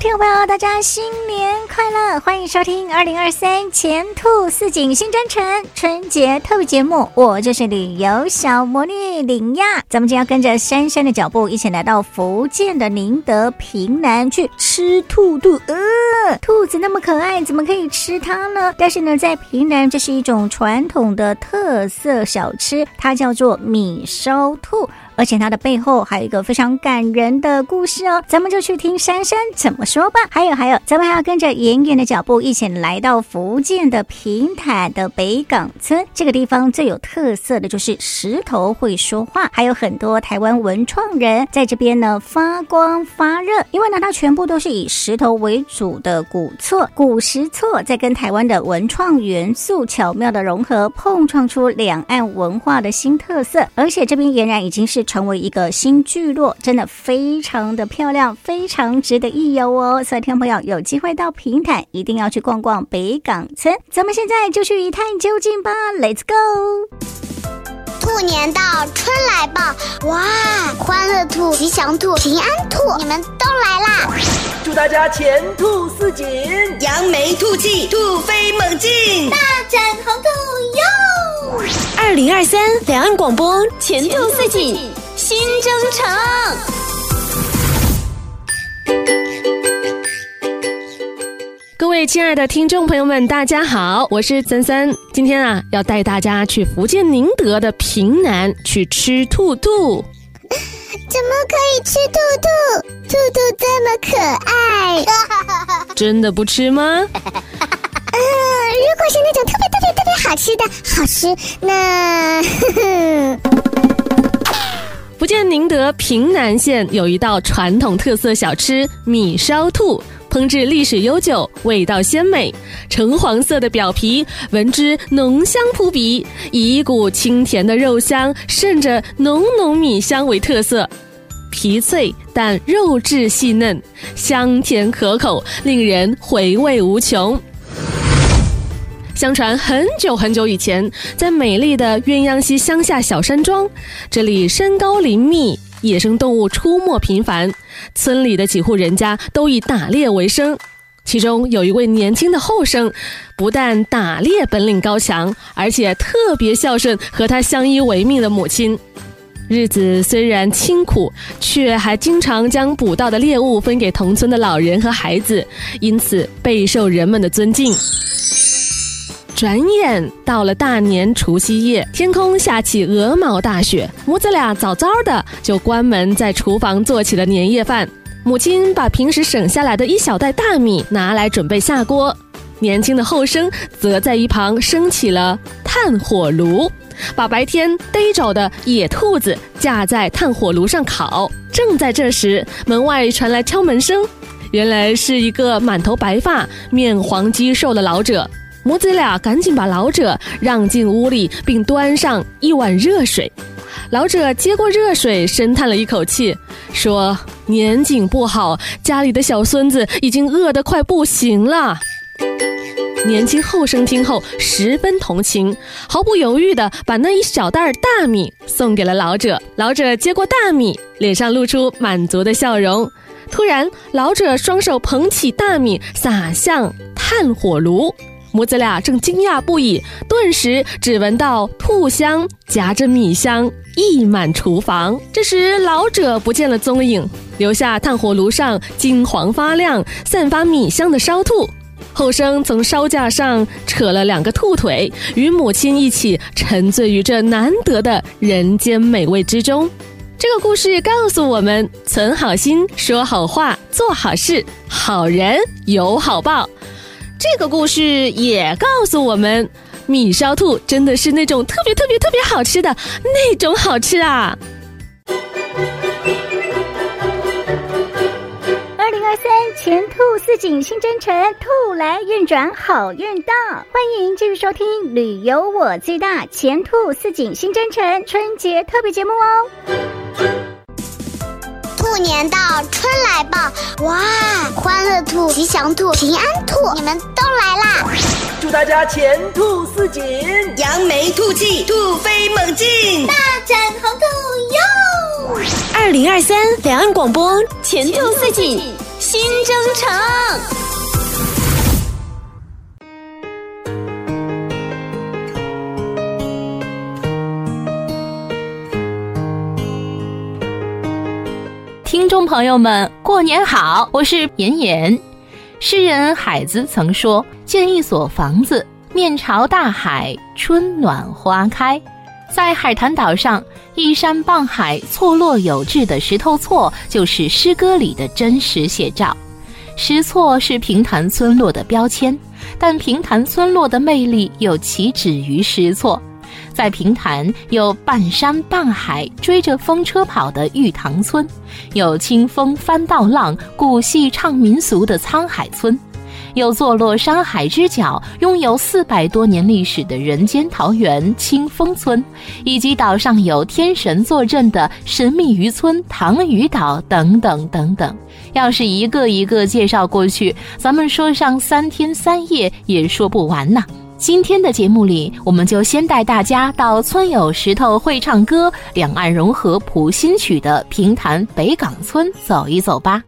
聽眾朋友，大家新年快樂！歡迎收聽二零二三前兔似錦新征程春節特別節目，我就是旅遊小魔女林亞。咱們今天要跟着珊珊的腳步，一起來到福建的寧德屏南去吃兔兔。呃、兔子那麼可愛，怎麼可以吃它呢？但是呢，在屏南，這是一種傳統的特色小吃，它叫做米燒兔。而且它的背後還有一個非常感人的故事哦，咱們就去聽珊珊怎麼說吧。還有還有，咱們還要跟着妍妍的腳步一起來到福建的平潭的北港村。這個地方最有特色的就是石頭會說話，還有很多台灣文創人在這邊呢發光發熱。因為呢，它全部都是以石頭為主的古厝、古石厝，在跟台灣的文創元素巧妙的融合，碰撞出兩岸文化的新特色。而且這邊儼然已經是。成為一個新聚落，真的非常的漂亮，非常值得一遊哦。所以，聽朋友有機會到平潭，一定要去逛逛北港村。咱們現在就去一探究竟吧，Let's go！兔年到，春來報，哇，歡樂兔、吉祥兔、平安兔，你們都來啦！祝大家前兔似錦，揚眉吐氣，兔飛猛進，大展宏兔喲！二零二三，兩岸廣播，前兔似錦。新徵程！各位親愛的聽眾朋友們，大家好，我是森森，今天啊要帶大家去福建寧德的屏南去吃兔兔。怎麼可以吃兔兔？兔兔這麼可愛， 真的不吃嗎 呃，如果是那種特別特別特別好吃的好吃，那。呵呵福建寧德屏南縣有一道傳統特色小吃米燒兔，烹制歷史悠久，味道鮮美。橙黃色的表皮，聞之濃香撲鼻，以一股清甜的肉香，滲着濃濃米香為特色。皮脆但肉質細嫩，香甜可口，令人回味無窮。相傳很久很久以前，在美麗的鴛鴦溪鄉下小山莊，這裡山高林密，野生動物出沒頻繁。村裡的幾戶人家都以打獵為生，其中有一位年輕的後生，不但打獵本領高強，而且特別孝順，和他相依為命的母親。日子雖然清苦，卻還經常將捕到的獵物分給同村的老人和孩子，因此備受人們的尊敬。轉眼到了大年除夕夜，天空下起鵝毛大雪，母子倆早早的就關門，在廚房做起了年夜飯。母親把平時省下來的一小袋大米拿來準備下鍋，年輕的後生則在一旁升起了炭火爐，把白天逮着的野兔子架在炭火爐上烤。正在這時，門外傳來敲門聲，原來是一個滿頭白髮、面黃肌瘦的老者。母子倆趕緊把老者讓進屋裡，並端上一碗熱水。老者接過熱水，深嘆了一口氣，說：“年景不好，家裡的小孫子已經餓得快不行了。”年輕後生聽後十分同情，毫不猶豫地把那一小袋大米送給了老者。老者接過大米，臉上露出滿足的笑容。突然，老者雙手捧起大米，撒向炭火爐。母子倆正驚訝不已，頓時只聞到兔香夾着米香溢滿廚房。這時老者不見了蹤影，留下炭火爐上金黃發亮、散發米香的燒兔。後生從燒架上扯了兩個兔腿，與母親一起沉醉於這難得的人間美味之中。這個故事告訴我們：存好心，說好話，做好事，好人有好報。這個故事也告訴我們，米燒兔真的是那種特別特別特別好吃的那種好吃啊！二零二三，前兔似錦，新征程，兔來運轉，好運到，歡迎繼續收聽《旅遊我最大》前兔似錦新征程春節特別節目哦。新年到春來報，哇！歡樂兔、吉祥兔、平安兔，你們都來啦！祝大家前兔似錦，揚眉吐氣，兔飛猛進，大展宏圖喲！二零二三，兩岸廣播，前兔似錦，新征程。朋友們，過年好！我是妍妍。詩人海子曾說：“建一所房子，面朝大海，春暖花開。”在海壇島上，依山傍海、錯落有致的石頭厝，就是詩歌裡的真實寫照。石厝是平潭村落的標籤，但平潭村落的魅力又豈止於石厝？在平潭，有半山半海追着風車跑的玉塘村，有清風翻到浪、古戲唱民俗的滄海村，有坐落山海之角、擁有四百多年歷史的人間桃源清風村，以及島上有天神坐鎮的神秘漁村塘嶼島等等等等。要是一個一個介紹過去，咱們說上三天三夜也說不完吶。今天的節目裡，我們就先帶大家到“村有石頭會唱歌，兩岸融合譜新曲”的平潭北港村走一走吧。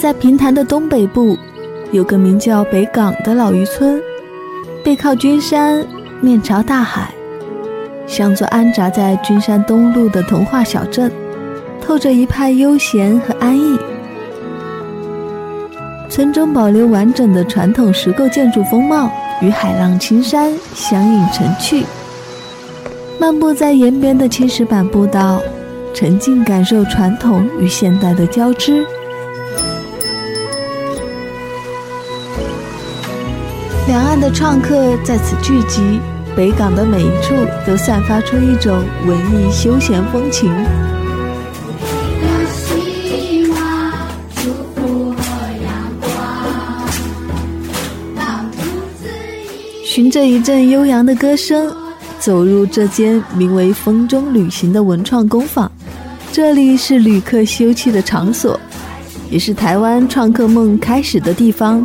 在平潭的東北部，有個名叫北港的老漁村，背靠君山，面朝大海，像座安扎在君山東路的童話小鎮，透着一派悠閒和安逸。村中保留完整的傳統石構建築風貌，與海浪、青山相映成趣。漫步在沿邊的青石板步道，沉浸感受傳統與現代的交織。兩岸的創客在此聚集，北港的每一處都散發出一種文藝休閒風情。循著一陣悠揚的歌聲，走入這間名為“風中旅行”的文創工坊，這裡是旅客休憩的場所，也是台灣創客夢開始的地方。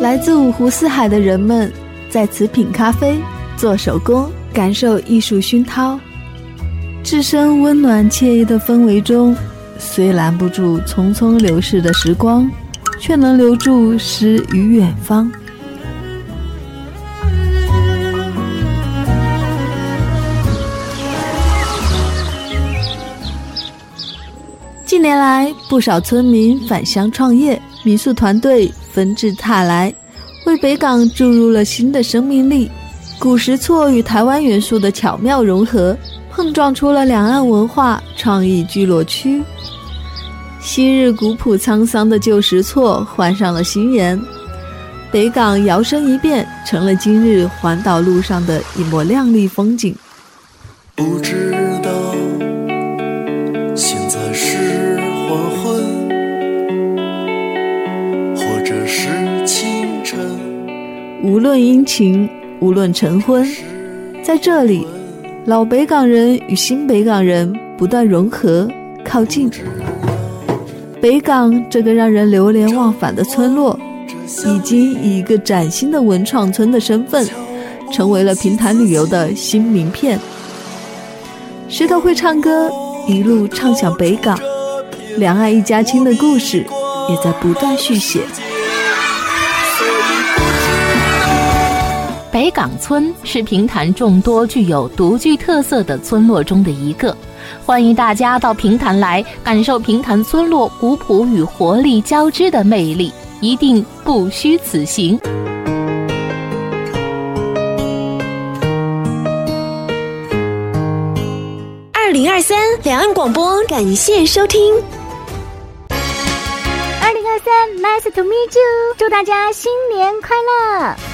來自五湖四海的人們在此品咖啡、做手工、感受藝術燻陶，置身溫暖愜意的氛圍中，雖攔不住匆匆流逝的時光，卻能留住詩與遠方。近年來，不少村民返鄉創業。民宿團隊紛至沓來，為北港注入了新的生命力。古石厝與台灣元素的巧妙融合，碰撞出了兩岸文化創意聚落區。昔日古樸滄桑的舊石厝換上了新顏，北港搖身一變，成了今日環島路上的一抹亮麗風景。不、嗯、知。無論殷勤，無論成婚，在這裡，老北港人與新北港人不斷融合、靠近。北港這個讓人流連忘返的村落，已經以一個嶄新的文創村的身份，成為了平潭旅遊的新名片。石頭會唱歌，一路唱響北港，兩岸一家親的故事也在不斷續，續寫。北港村是平潭眾多具有獨具特色的村落中的一個，歡迎大家到平潭來感受平潭村落古樸與活力交織的魅力，一定不虛此行。二零二三，兩岸廣播，感謝收聽。二零二三，Nice to meet you，祝大家新年快樂。